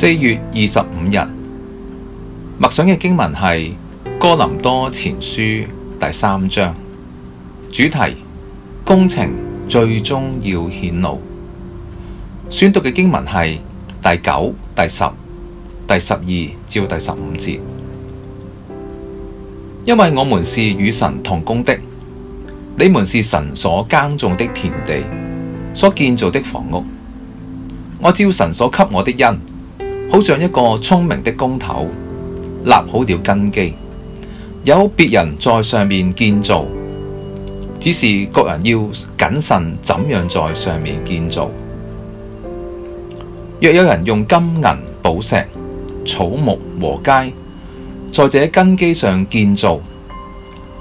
四月二十五日默想嘅經文係哥林多前書第三章，主題工程最終要顯露。選讀嘅經文係第九、第十、第十二至第十五節，因為我們是與神同工的，你們是神所耕種的田地，所建造的房屋。我照神所給我的恩。好像一個聰明的工頭，立好了根基，有別人在上面建造，只是各人要謹慎，怎樣在上面建造。若有人用金銀、寶石、草木禾楷，在這根基上建造，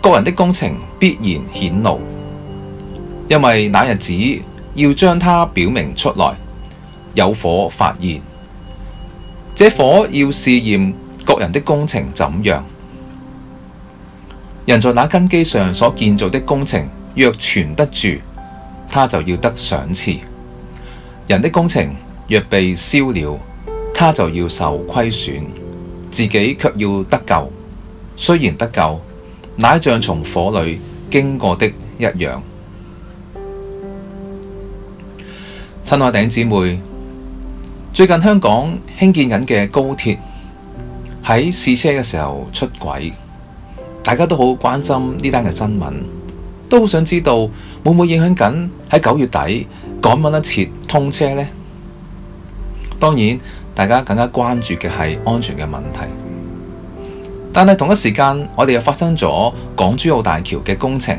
各人的工程必然顯露，因為那日子要將它表明出來，有火發現。這火要試驗各人的工程怎樣。人在那根基上所建造的工程若存得住，他就要得賞賜；人的工程若被燒了，他就要受虧損，自己却要得救。雖然得救，乃像從火裏經過的一樣。親愛頂姊妹。最近香港興建緊嘅高鐵喺試車嘅時候出軌，大家都好關心呢單嘅新聞，都好想知道會唔會影響緊喺九月底趕得切通車呢？當然，大家更加關注嘅係安全嘅問題。但係同一時間，我哋又發生咗港珠澳大橋嘅工程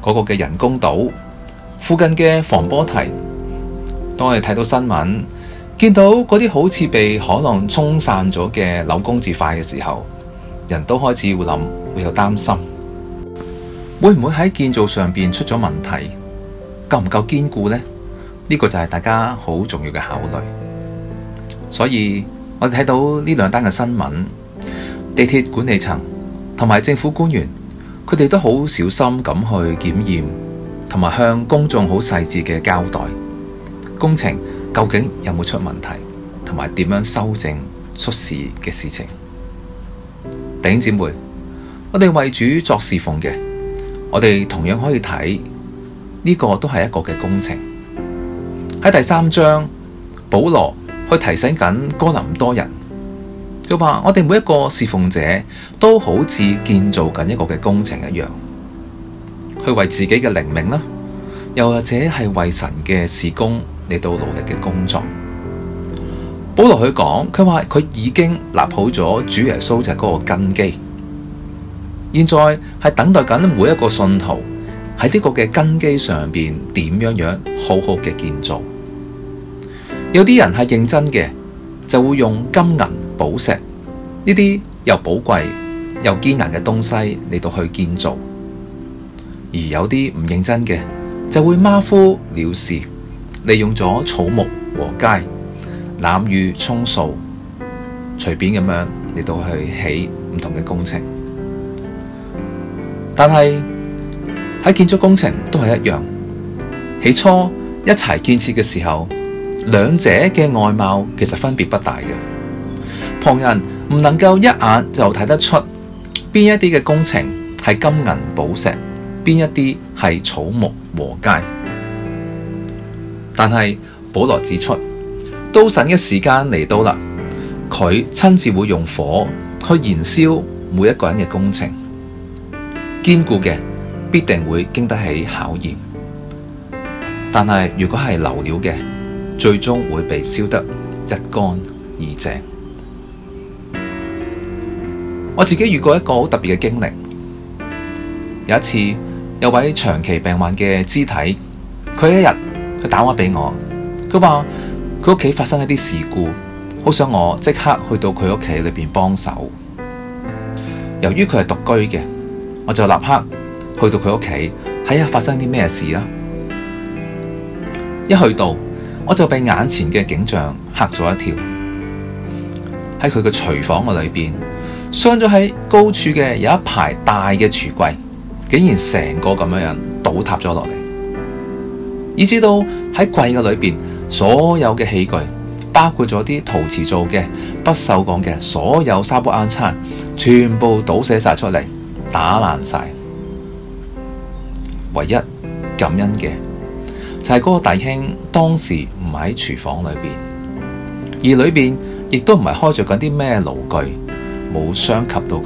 嗰個嘅，人工島附近嘅防波堤。當我哋睇到新聞，見到嗰啲好似被海浪沖散咗嘅扭工字塊嘅時候，人都開始會諗，會有擔心，會唔會喺建造上邊出咗問題，夠唔夠堅固呢？呢、呢個就係大家好重要嘅考慮。所以我哋睇到呢兩單嘅新聞，地鐵管理層同埋政府官員，佢哋都好小心咁去檢驗，同埋向公眾好細緻嘅交代工程。究竟有冇出問題，同埋點樣修正出事嘅事情？弟兄姊妹，我哋為主作侍奉嘅，我哋同樣可以睇呢個都係一個嘅工程。喺第三章，保羅去提醒緊哥林多人，佢話我哋每一個侍奉者都好似建造緊一個嘅工程一樣，去為自己嘅靈命啦，又或者係為神嘅事工。嚟到努力嘅工作，保羅佢講，佢話佢已經立好咗主耶穌就係嗰個根基，現在係等待緊每一個信徒喺呢個嘅根基上邊點樣樣好好嘅建造。有啲人係認真嘅，就會用金銀寶石呢啲又寶貴又堅硬嘅東西嚟到去建造，而有啲唔認真嘅就會馬虎了事。利用咗草木禾稭，濫竽充數，隨便咁樣嚟到去起唔同嘅工程。但係喺建築工程都係一樣，起初一齊建設嘅時候，兩者嘅外貌其實分別不大嘅，旁人唔能夠一眼就睇得出邊一啲嘅工程係金銀寶石，邊一啲係草木禾稭。但係保羅指出，到神嘅時間嚟到啦，佢親自會用火去燃燒每一個人嘅工程，堅固嘅必定會經得起考驗。但係如果係流料嘅，最終會被燒得一乾二淨。我自己遇過一個好特別嘅經歷，有一次有位長期病患嘅肢體，佢一日。佢打話俾我，佢話佢屋企發生一啲事故，好想我即刻去到佢屋企裏邊幫手。由於佢係獨居嘅，我就立刻去到佢屋企，睇下發生啲咩事啊，一去到，我就被眼前嘅景象嚇咗一跳。喺佢嘅廚房嘅裏邊，鑲咗喺高處嘅有一排大嘅櫥櫃，竟然成個咁樣樣倒塌咗落嚟。以至到喺櫃嘅裏面，所有嘅器具，包括咗啲陶瓷做嘅、不鏽鋼嘅，所有砂煲、罌罉，全部倒瀉晒出嚟，打爛晒。唯一感恩嘅就係、是、嗰個弟兄當時唔喺廚房裏面，而裏面亦都唔係開着緊啲咩爐具，冇傷及到佢，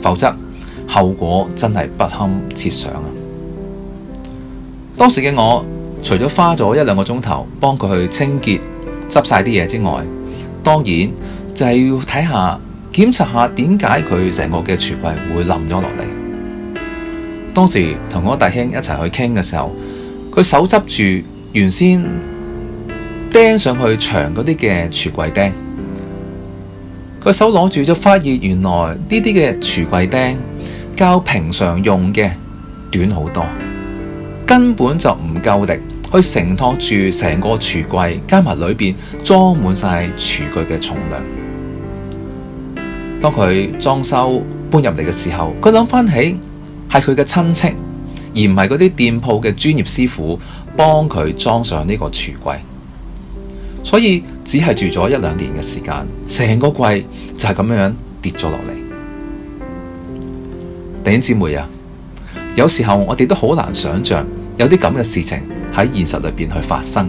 否則後果真係不堪設想啊！當時嘅我，除咗花咗一兩個鐘頭幫佢去清潔、執晒啲嘢之外，當然就係要睇下、檢查下點解佢成個嘅櫥櫃會冧咗落嚟。當時同我大兄一齊去傾嘅時候，佢手執住原先釘上去牆嗰啲嘅櫥櫃釘，佢手攞住就發現原來呢啲嘅櫥櫃釘，較平常用嘅短好多。根本就唔夠力去承托住成個櫥櫃，加埋裏邊裝滿晒廚具嘅重量。當佢裝修搬入嚟嘅時候，佢諗翻起係佢嘅親戚，而唔係嗰啲店鋪嘅專業師傅幫佢裝上呢個櫥櫃，所以只係住咗一兩年嘅時間，成個櫃就係咁樣樣跌咗落嚟。弟兄姊妹啊，有時候我哋都好難想象。有啲咁嘅事情喺現實裏邊去發生，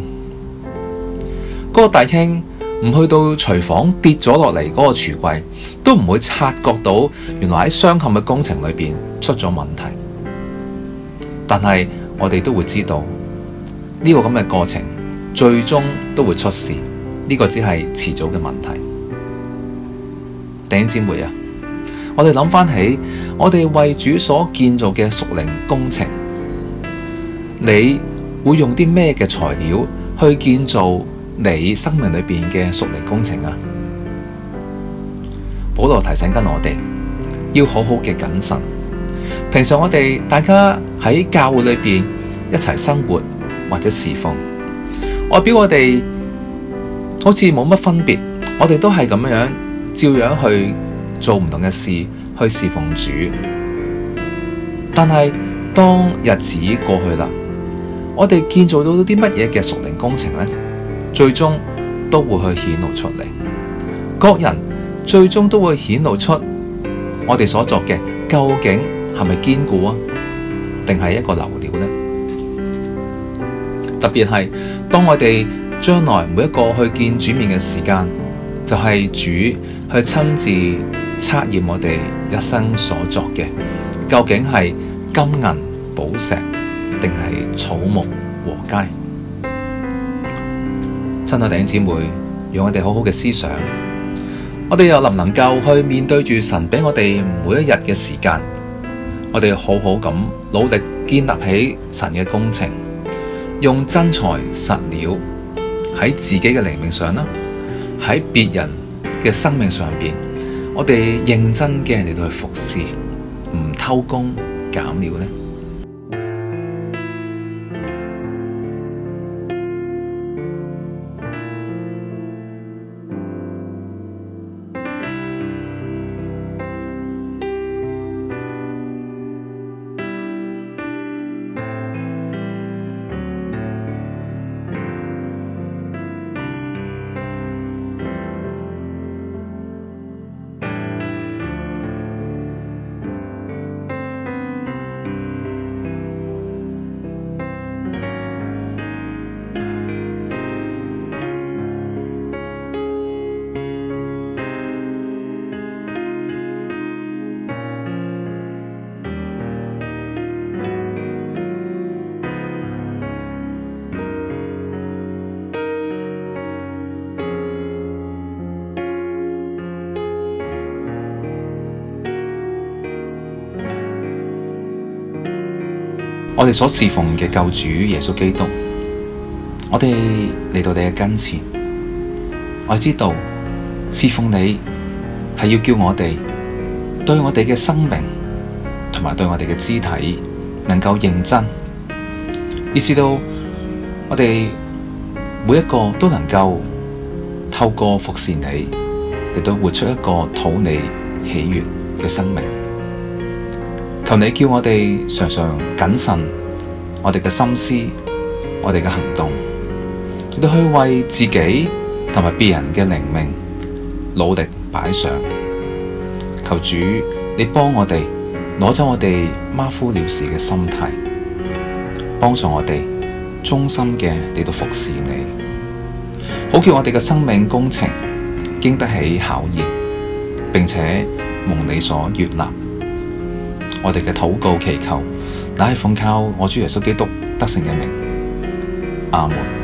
嗰、那個弟兄唔去到廚房跌咗落嚟，嗰個櫥櫃都唔會察覺到，原來喺鑲嵌嘅工程裏邊出咗問題。但係我哋都會知道呢、這個咁嘅過程，最終都會出事，呢、這個只係遲早嘅問題。弟兄姊妹啊，我哋諗翻起我哋為主所建造嘅屬靈工程。你會用啲咩嘅材料去建造你生命裏邊嘅屬靈工程啊？保羅提醒緊我哋要好好嘅謹慎。平常我哋大家喺教會裏邊一齊生活，或者侍奉，外表我哋好似冇乜分別，我哋都係咁樣樣，照樣去做唔同嘅事去侍奉主。但係當日子過去啦。我哋建造到啲乜嘢嘅屬靈工程咧，最終都會去顯露出嚟。各人最終都會顯露出我哋所作嘅，究竟係咪堅固啊，定係一個流料咧？特別係當我哋將來每一個去見主面嘅時間，就係、是、主去親自測驗我哋一生所作嘅，究竟係金銀寶石定係？草木禾稭，親愛弟兄姊妹，讓我哋好好嘅思想，我哋又能唔能夠去面對住神俾我哋每一日嘅時間，我哋好好咁努力建立起神嘅工程，用真材實料喺自己嘅靈命上啦，喺別人嘅生命上邊，我哋認真嘅嚟到去服侍，唔偷工減料咧。我哋所侍奉嘅救主耶穌基督，我哋嚟到你嘅跟前，我知道侍奉你係要叫我哋對我哋嘅生命同埋對我哋嘅肢體能夠認真，意識到我哋每一個都能夠透過服侍你嚟到活出一個討你喜悦嘅生命。求你叫我哋常常謹慎我哋嘅心思、我哋嘅行動，亦都去為自己同埋別人嘅靈命努力擺上。求主你幫我哋攞走我哋馬虎了事嘅心態，幫助我哋忠心嘅嚟到服侍你，好叫我哋嘅生命工程經得起考驗，並且蒙你所悅納。我哋嘅禱告祈求，乃係奉靠我主耶穌基督得勝嘅名，阿門。